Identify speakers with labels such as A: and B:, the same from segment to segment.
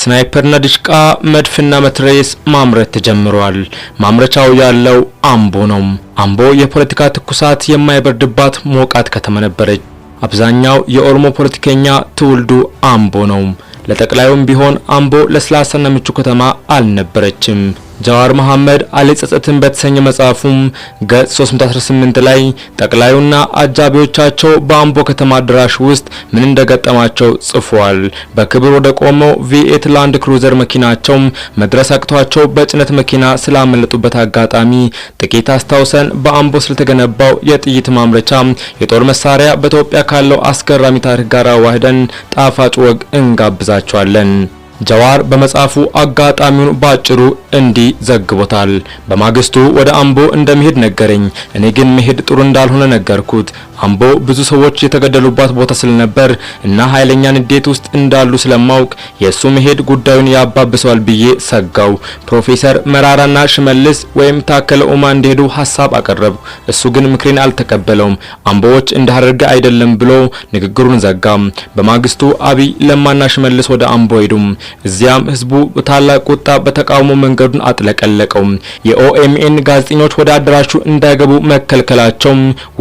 A: ስናይፐርና ዲሽቃ፣ መድፍና መትረየስ ማምረት ተጀምሯል። ማምረቻው ያለው አምቦ ነው። አምቦ የፖለቲካ ትኩሳት የማይበርድባት ሞቃት ከተማ ነበረች። አብዛኛው የኦሮሞ ፖለቲከኛ ትውልዱ አምቦ ነው። ለጠቅላዩም ቢሆን አምቦ ለስላሳና ምቹ ከተማ አልነበረችም። ጃዋር መሐመድ አልጸጸትም በተሰኘ መጽሐፉም ገጽ 318 ላይ ጠቅላዩና አጃቢዎቻቸው በአምቦ ከተማ አዳራሽ ውስጥ ምን እንደገጠማቸው ጽፏል። በክብር ወደ ቆመው ቪኤት ላንድ ክሩዘር መኪናቸው መድረስ አቅቷቸው በጭነት መኪና ስላመለጡበት አጋጣሚ ጥቂት አስታውሰን በአምቦ ስለተገነባው የጥይት ማምረቻ የጦር መሳሪያ በኢትዮጵያ ካለው አስገራሚ ታሪክ ጋር ዋህደን ጣፋጭ ወግ እንጋብዛቸዋለን። ጀዋር በመጽሐፉ አጋጣሚውን ባጭሩ እንዲህ ዘግቦታል። በማግስቱ ወደ አምቦ እንደሚሄድ ነገረኝ። እኔ ግን መሄድ ጥሩ እንዳልሆነ ነገርኩት። አምቦ ብዙ ሰዎች የተገደሉባት ቦታ ስለነበር እና ኃይለኛ ንዴት ውስጥ እንዳሉ ስለማውቅ የእሱ መሄድ ጉዳዩን ያባብሰዋል ብዬ ሰጋው። ፕሮፌሰር መራራና ሽመልስ ወይም ታከለ ኡማ እንዲሄዱ ሀሳብ አቀረብኩ። እሱ ግን ምክሬን አልተቀበለውም። አምቦዎች እንዳደረገ አይደለም ብሎ ንግግሩን ዘጋም። በማግስቱ አብይ ለማና ሽመልስ ወደ አምቦ ሄዱም። እዚያም ህዝቡ በታላቅ ቁጣ በተቃውሞ መንገዱን አጥለቀለቀው። የኦኤምኤን ጋዜጠኞች ወደ አዳራሹ እንዳይገቡ መከልከላቸው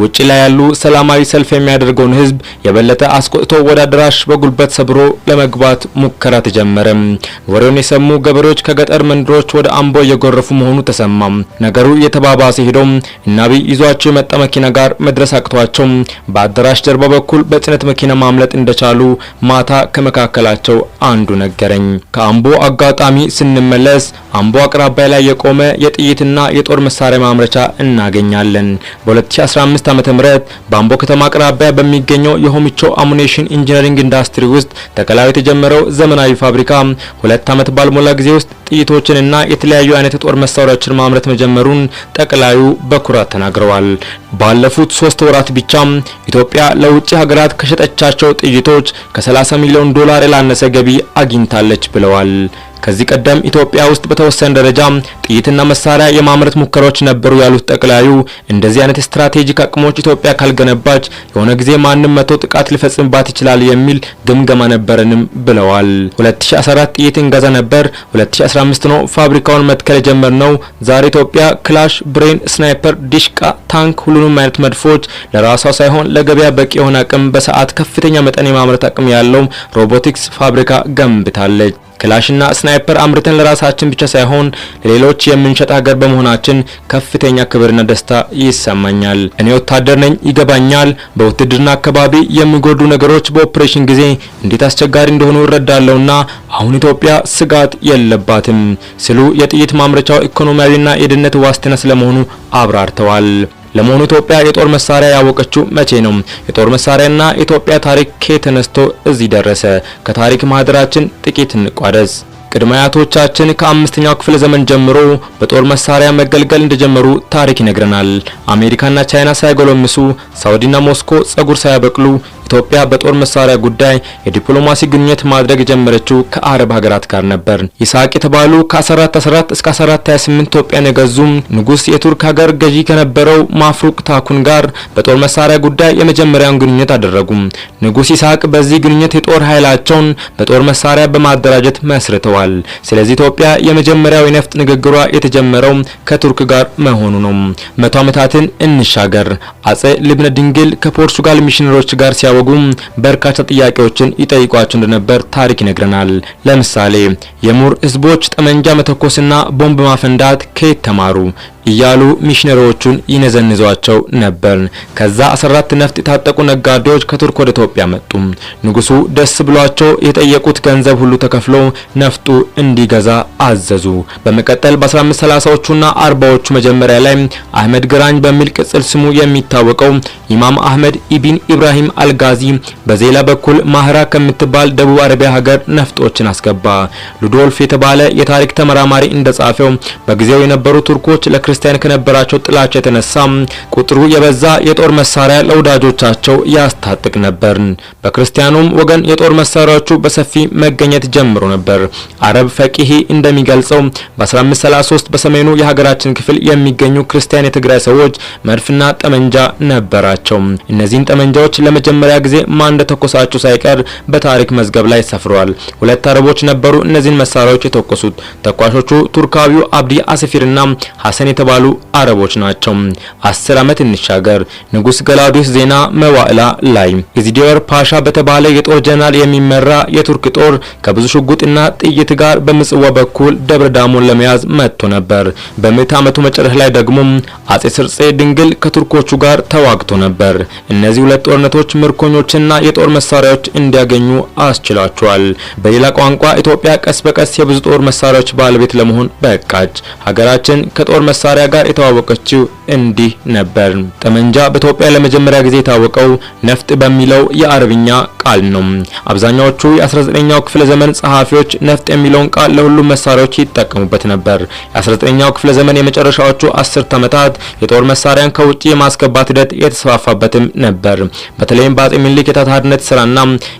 A: ውጪ ላይ ያሉ ሰላማዊ ሰልፍ የሚያደርገውን ህዝብ የበለጠ አስቆጥቶ ወደ አዳራሽ በጉልበት ሰብሮ ለመግባት ሙከራ ተጀመረ። ወሬውን የሰሙ ገበሬዎች ከገጠር መንደሮች ወደ አምቦ እየጎረፉ መሆኑ ተሰማ። ነገሩ የተባባሰ ሄደው እናቢ ይዟቸው የመጣ መኪና ጋር መድረስ አቅቷቸው በአዳራሽ ጀርባ በኩል በጭነት መኪና ማምለጥ እንደቻሉ ማታ ከመካከላቸው አንዱ ነገረ። ነበረኝ። ከአምቦ አጋጣሚ ስንመለስ አምቦ አቅራቢያ ላይ የቆመ የጥይትና የጦር መሳሪያ ማምረቻ እናገኛለን። በ2015 ዓ.ም በአምቦ ከተማ አቅራቢያ በሚገኘው የሆሚቾ አሙኔሽን ኢንጂነሪንግ ኢንዱስትሪ ውስጥ ተከላው የተጀመረው ዘመናዊ ፋብሪካ ሁለት ዓመት ባልሞላ ጊዜ ውስጥ ጥይቶችንና የተለያዩ አይነት የጦር መሳሪያዎችን ማምረት መጀመሩን ጠቅላዩ በኩራት ተናግረዋል። ባለፉት ሶስት ወራት ብቻ ኢትዮጵያ ለውጭ ሀገራት ከሸጠቻቸው ጥይቶች ከ30 ሚሊዮን ዶላር ያላነሰ ገቢ አግኝታለች ብለዋል። ከዚህ ቀደም ኢትዮጵያ ውስጥ በተወሰነ ደረጃ ጥይትና መሳሪያ የማምረት ሙከራዎች ነበሩ ያሉት ጠቅላዩ እንደዚህ አይነት ስትራቴጂክ አቅሞች ኢትዮጵያ ካልገነባች የሆነ ጊዜ ማንም መቶ ጥቃት ሊፈጽምባት ይችላል የሚል ግምገማ ነበረንም ብለዋል። 2014 ጥይት እንገዛ ነበር፣ 2015 ነው ፋብሪካውን መትከል የጀመርነው። ዛሬ ኢትዮጵያ ክላሽ፣ ብሬን፣ ስናይፐር፣ ዲሽቃ፣ ታንክ፣ ሁሉንም አይነት መድፎች ለራሷ ሳይሆን ለገበያ በቂ የሆነ አቅም በሰዓት ከፍተኛ መጠን የማምረት አቅም ያለው ሮቦቲክስ ፋብሪካ ገንብታለች። ክላሽና ስናይፐር አምርተን ለራሳችን ብቻ ሳይሆን ለሌሎች የምንሸጥ ሀገር በመሆናችን ከፍተኛ ክብርና ደስታ ይሰማኛል። እኔ ወታደር ነኝ፣ ይገባኛል። በውትድርና አካባቢ የሚጎዱ ነገሮች በኦፕሬሽን ጊዜ እንዴት አስቸጋሪ እንደሆኑ እረዳለሁና አሁን ኢትዮጵያ ስጋት የለባትም ሲሉ የጥይት ማምረቻው ኢኮኖሚያዊና የደህንነት ዋስትና ስለመሆኑ አብራርተዋል። ለመሆኑ ኢትዮጵያ የጦር መሳሪያ ያወቀችው መቼ ነው? የጦር መሳሪያና ኢትዮጵያ ታሪክ ተነስቶ እዚህ ደረሰ? ከታሪክ ማህደራችን ጥቂት እንቋደስ። ቅድመ አያቶቻችን ከአምስተኛው ክፍለ ዘመን ጀምሮ በጦር መሳሪያ መገልገል እንደጀመሩ ታሪክ ይነግረናል። አሜሪካና ቻይና ሳይጎለምሱ፣ ሳውዲና ሞስኮ ጸጉር ሳያበቅሉ ኢትዮጵያ በጦር መሳሪያ ጉዳይ የዲፕሎማሲ ግንኙነት ማድረግ የጀመረችው ከአረብ ሀገራት ጋር ነበር። ይስሐቅ የተባሉ ከ1414 እስከ 1428 ኢትዮጵያን የገዙ ንጉስ የቱርክ ሀገር ገዢ ከነበረው ማፍሩቅ ታኩን ጋር በጦር መሳሪያ ጉዳይ የመጀመሪያውን ግንኙነት አደረጉ። ንጉስ ይስሐቅ በዚህ ግንኙነት የጦር ኃይላቸውን በጦር መሳሪያ በማደራጀት መስርተዋል። ስለዚህ ኢትዮጵያ የመጀመሪያው የነፍጥ ንግግሯ የተጀመረው ከቱርክ ጋር መሆኑ ነው። መቶ ዓመታትን እንሻገር። አጼ ልብነ ድንግል ከፖርቹጋል ሚሽነሮች ጋር ሲያ ወጉም በርካታ ጥያቄዎችን ይጠይቋቸው እንደነበር ታሪክ ይነግረናል። ለምሳሌ የሙር ህዝቦች ጠመንጃ መተኮስና ቦምብ ማፈንዳት ከየት ተማሩ? እያሉ ሚሽነሪዎቹን ይነዘንዟቸው ነበር። ከዛ 14 ነፍጥ የታጠቁ ነጋዴዎች ከቱርክ ወደ ኢትዮጵያ መጡ። ንጉሱ ደስ ብሏቸው የጠየቁት ገንዘብ ሁሉ ተከፍሎ ነፍጡ እንዲገዛ አዘዙ። በመቀጠል በ1530ዎቹና 40ዎቹ መጀመሪያ ላይ አህመድ ግራኝ በሚል ቅጽል ስሙ የሚታወቀው ኢማም አህመድ ኢቢን ኢብራሂም አልጋዚ በዜላ በኩል ማህራ ከምትባል ደቡብ አረቢያ ሀገር ነፍጦችን አስገባ። ሉዶልፍ የተባለ የታሪክ ተመራማሪ እንደጻፈው በጊዜው የነበሩ ቱርኮች ለክርስቲያን ክርስቲያን ከነበራቸው ጥላቻ የተነሳ ቁጥሩ የበዛ የጦር መሳሪያ ለወዳጆቻቸው ያስታጥቅ ነበር። በክርስቲያኑም ወገን የጦር መሳሪያዎቹ በሰፊ መገኘት ጀምሮ ነበር። አረብ ፈቂሂ እንደሚገልጸው በ1533 በሰሜኑ የሀገራችን ክፍል የሚገኙ ክርስቲያን የትግራይ ሰዎች መድፍና ጠመንጃ ነበራቸው። እነዚህን ጠመንጃዎች ለመጀመሪያ ጊዜ ማን እንደተኮሳቸው ሳይቀር በታሪክ መዝገብ ላይ ሰፍረዋል። ሁለት አረቦች ነበሩ እነዚህን መሳሪያዎች የተኮሱት። ተኳሾቹ ቱርካዊው አብዲ አሰፊርና ሀሰን የተ የተባሉ አረቦች ናቸው። አስር ዓመት እንሻገር። ንጉስ ገላውዲዮስ ዜና መዋዕላ ላይ ኢዚዲዮር ፓሻ በተባለ የጦር ጀነራል የሚመራ የቱርክ ጦር ከብዙ ሽጉጥና ጥይት ጋር በምጽዋ በኩል ደብረ ዳሞን ለመያዝ መጥቶ ነበር። በምዕተ ዓመቱ መጨረሻ ላይ ደግሞ አጼ ስርጼ ድንግል ከቱርኮቹ ጋር ተዋግቶ ነበር። እነዚህ ሁለት ጦርነቶች ምርኮኞችና የጦር መሳሪያዎች እንዲያገኙ አስችሏቸዋል። በሌላ ቋንቋ ኢትዮጵያ ቀስ በቀስ የብዙ ጦር መሳሪያዎች ባለቤት ለመሆን በቃች። ሀገራችን ከጦር መሳሪያ መሳሪያ ጋር የተዋወቀችው እንዲህ ነበር። ጠመንጃ በኢትዮጵያ ለመጀመሪያ ጊዜ የታወቀው ነፍጥ በሚለው የአረብኛ ቃል ነው። አብዛኛዎቹ የ19ኛው ክፍለ ዘመን ጸሐፊዎች ነፍጥ የሚለውን ቃል ለሁሉም መሳሪያዎች ይጠቀሙበት ነበር። የ19ኛው ክፍለ ዘመን የመጨረሻዎቹ አስርት ዓመታት የጦር መሳሪያን ከውጭ የማስገባት ሂደት የተስፋፋበትም ነበር። በተለይም በአጼ ምኒልክ የታታሪነት ስራና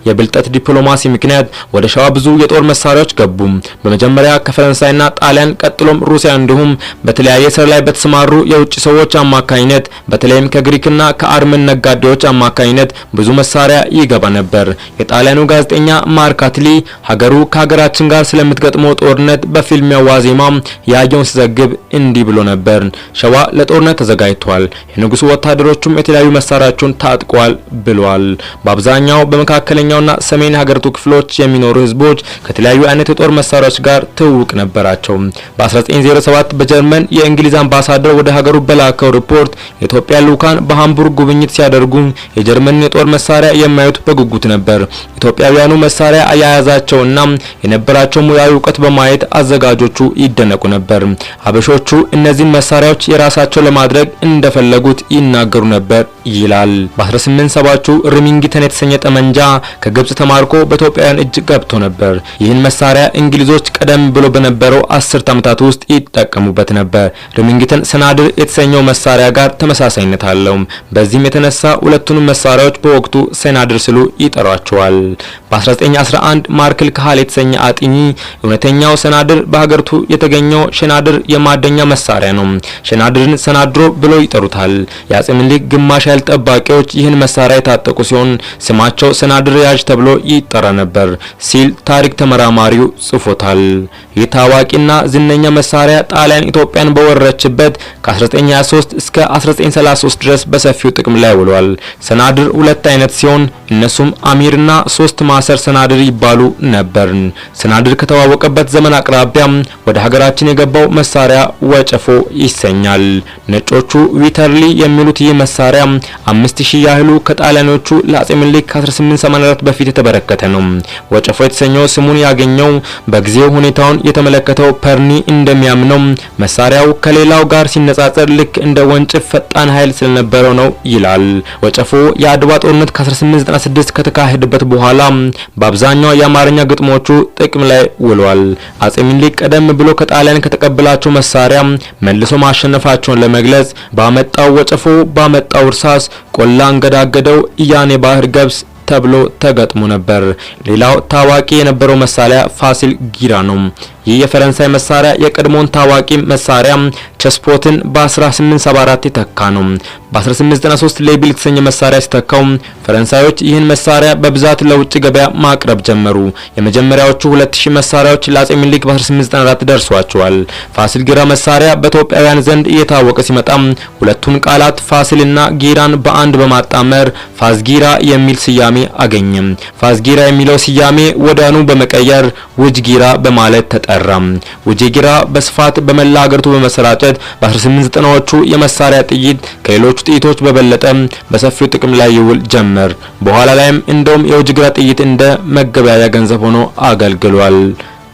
A: የብልጠት ዲፕሎማሲ ምክንያት ወደ ሸዋ ብዙ የጦር መሳሪያዎች ገቡ። በመጀመሪያ ከፈረንሳይና ጣሊያን ቀጥሎም ሩሲያ እንዲሁም በተለያየ በስራ ላይ በተሰማሩ የውጭ ሰዎች አማካኝነት በተለይም ከግሪክና ከአርመን ነጋዴዎች አማካኝነት ብዙ መሳሪያ ይገባ ነበር። የጣሊያኑ ጋዜጠኛ ማርክ አትሊ ሀገሩ ከሀገራችን ጋር ስለምትገጥመው ጦርነት በፊልሚያው ዋዜማ ያየውን ሲዘግብ እንዲህ ብሎ ነበር። ሸዋ ለጦርነት ተዘጋጅቷል። የንጉሱ ወታደሮቹም የተለያዩ መሳሪያዎችን ታጥቋል ብሏል። በአብዛኛው በመካከለኛውና ሰሜን ሀገሪቱ ክፍሎች የሚኖሩ ህዝቦች ከተለያዩ አይነት የጦር መሳሪያዎች ጋር ትውውቅ ነበራቸው። በ1907 በጀርመን የእንግሊዝ የእንግሊዝ አምባሳደር ወደ ሀገሩ በላከው ሪፖርት የኢትዮጵያ ልኡካን በሃምቡርግ ጉብኝት ሲያደርጉ የጀርመን የጦር መሳሪያ የማዩት በጉጉት ነበር። ኢትዮጵያውያኑ መሳሪያ አያያዛቸውና የነበራቸው ሙያዊ እውቀት በማየት አዘጋጆቹ ይደነቁ ነበር። ሀበሾቹ እነዚህን መሳሪያዎች የራሳቸው ለማድረግ እንደፈለጉት ይናገሩ ነበር ይላል። በ1870ዎቹ ሪሚንግተን የተሰኘ ጠመንጃ ከግብጽ ተማርኮ በኢትዮጵያውያን እጅ ገብቶ ነበር። ይህን መሳሪያ እንግሊዞች ቀደም ብሎ በነበረው አስርት ዓመታት ውስጥ ይጠቀሙበት ነበር። ሪሚንግተን ሰናድር የተሰኘው መሳሪያ ጋር ተመሳሳይነት አለው። በዚህም የተነሳ ሁለቱንም መሳሪያዎች በወቅቱ ሰናድር ሲሉ ይጠሯቸዋል። በ1911 ማርክል ካህል የተሰኘ አጥኚ እውነተኛው ሰናድር በሀገሪቱ የተገኘው ሸናድር የማደኛ መሳሪያ ነው፣ ሸናድርን ሰናድሮ ብሎ ይጠሩታል። የአጼ ምኒልክ ግማሽ ያህል ጠባቂዎች ይህን መሳሪያ የታጠቁ ሲሆን ስማቸው ሰናድር ያዥ ተብሎ ይጠራ ነበር ሲል ታሪክ ተመራማሪው ጽፎታል። ይህ ታዋቂና ዝነኛ መሳሪያ ጣሊያን ኢትዮጵያን በወረ የተመረችበት ከ1923 እስከ 1933 ድረስ በሰፊው ጥቅም ላይ ውሏል። ሰናድር ሁለት አይነት ሲሆን እነሱም አሚርና ሶስት ማሰር ሰናድር ይባሉ ነበር። ሰናድር ከተዋወቀበት ዘመን አቅራቢያ ወደ ሀገራችን የገባው መሳሪያ ወጨፎ ይሰኛል። ነጮቹ ዊተርሊ የሚሉት ይህ መሳሪያ 5000 ያህሉ ከጣሊያኖቹ ለአጼ ምኒልክ 1884 በፊት የተበረከተ ነው። ወጨፎ የተሰኘው ስሙን ያገኘው በጊዜው ሁኔታውን የተመለከተው ፐርኒ እንደሚያምነው መሳሪያው ከ ከሌላው ጋር ሲነጻጸር ልክ እንደ ወንጭፍ ፈጣን ኃይል ስለነበረው ነው ይላል። ወጨፎ የአድዋ ጦርነት ከ1896 ከተካሄደበት በኋላ በአብዛኛው የአማርኛ ግጥሞቹ ጥቅም ላይ ውሏል። አጼ ሚኒሊክ ቀደም ብሎ ከጣሊያን ከተቀበላቸው መሳሪያ መልሶ ማሸነፋቸውን ለመግለጽ ባመጣው ወጨፎ ባመጣው እርሳስ ቆላ አንገዳገደው እያኔ ባህር ገብስ ተብሎ ተገጥሞ ነበር። ሌላው ታዋቂ የነበረው መሳሪያ ፋሲል ጊራ ነው። ይህ የፈረንሳይ መሳሪያ የቀድሞውን ታዋቂ መሳሪያ ቸስፖትን በ1874 የተካ ነው። በ1893 ሌብል የተሰኘ መሳሪያ ሲተካው ፈረንሳዮች ይህን መሳሪያ በብዛት ለውጭ ገበያ ማቅረብ ጀመሩ። የመጀመሪያዎቹ 2000 መሳሪያዎች ለአጼ ሚኒሊክ በ1894 ደርሷቸዋል። ፋሲል ጊራ መሳሪያ በኢትዮጵያውያን ዘንድ እየታወቀ ሲመጣ ሁለቱን ቃላት ፋሲልና ጊራን በአንድ በማጣመር ፋዝጊራ የሚል ስያሜ አገኘ። ፋዝጊራ የሚለው ስያሜ ወዳኑ በመቀየር ውጅ ጊራ በማለት ተጠ። ቀረ። ቡጀጊራ በስፋት በመላ አገሪቱ በመሰራጨት በ1890ዎቹ የመሳሪያ ጥይት ከሌሎቹ ጥይቶች በበለጠ በሰፊው ጥቅም ላይ ይውል ጀመር። በኋላ ላይም እንደውም የቡጀጊራ ጥይት እንደ መገበያያ ገንዘብ ሆኖ አገልግሏል።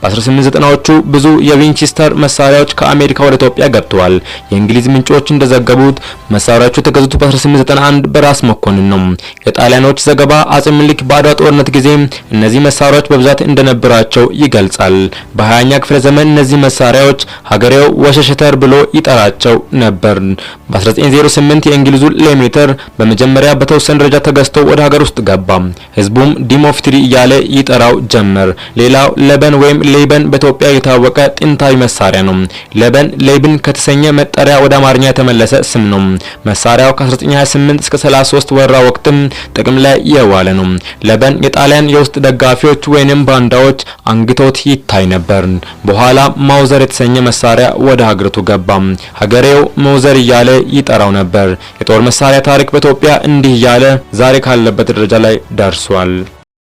A: በ1890ዎቹ ብዙ የዊንቸስተር መሳሪያዎች ከአሜሪካ ወደ ኢትዮጵያ ገብተዋል። የእንግሊዝ ምንጮች እንደዘገቡት መሳሪያዎቹ የተገዙት በ1891 በራስ መኮንን ነው። የጣሊያኖች ዘገባ አጼ ምኒልክ በአድዋ ጦርነት ጊዜ እነዚህ መሳሪያዎች በብዛት እንደነበራቸው ይገልጻል። በ20ኛ ክፍለ ዘመን እነዚህ መሳሪያዎች ሀገሬው ወሸሸተር ብሎ ይጠራቸው ነበር። በ1908 የእንግሊዙ ሌሜተር በመጀመሪያ በተወሰነ ደረጃ ተገዝቶ ወደ ሀገር ውስጥ ገባ። ህዝቡም ዲሞፍትሪ እያለ ይጠራው ጀመር። ሌላው ለበን ወይም ሌበን በኢትዮጵያ የታወቀ ጥንታዊ መሳሪያ ነው። ሌበን ሌብን ከተሰኘ መጠሪያ ወደ አማርኛ የተመለሰ ስም ነው። መሳሪያው ከ1928 እስከ 33 ወረራ ወቅትም ጥቅም ላይ የዋለ ነው። ሌበን የጣሊያን የውስጥ ደጋፊዎች ወይንም ባንዳዎች አንግቶት ይታይ ነበር። በኋላ ማውዘር የተሰኘ መሳሪያ ወደ ሀገሪቱ ገባ። ሀገሬው መውዘር እያለ ይጠራው ነበር። የጦር መሳሪያ ታሪክ በኢትዮጵያ እንዲህ እያለ ዛሬ ካለበት ደረጃ ላይ ደርሷል።